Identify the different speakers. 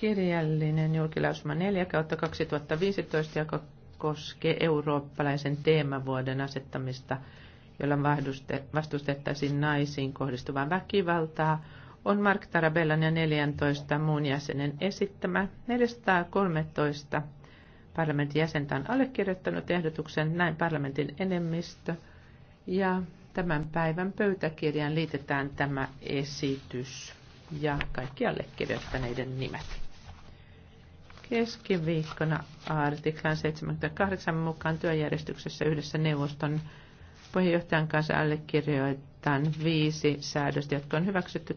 Speaker 1: kirjallinen julkilausuma 4 kautta 2015, joka koskee eurooppalaisen teemavuoden asettamista, jolla vastustettaisiin naisiin kohdistuvaa väkivaltaa, on Mark Tarabellan ja 14 muun jäsenen esittämä 413 parlamentin jäsentä on allekirjoittanut ehdotuksen näin parlamentin enemmistö ja tämän päivän pöytäkirjaan liitetään tämä esitys ja kaikki allekirjoittaneiden nimet keskiviikkona artiklan 78 mukaan työjärjestyksessä yhdessä neuvoston puheenjohtajan kanssa allekirjoitan
Speaker 2: viisi säädöstä, jotka on hyväksytty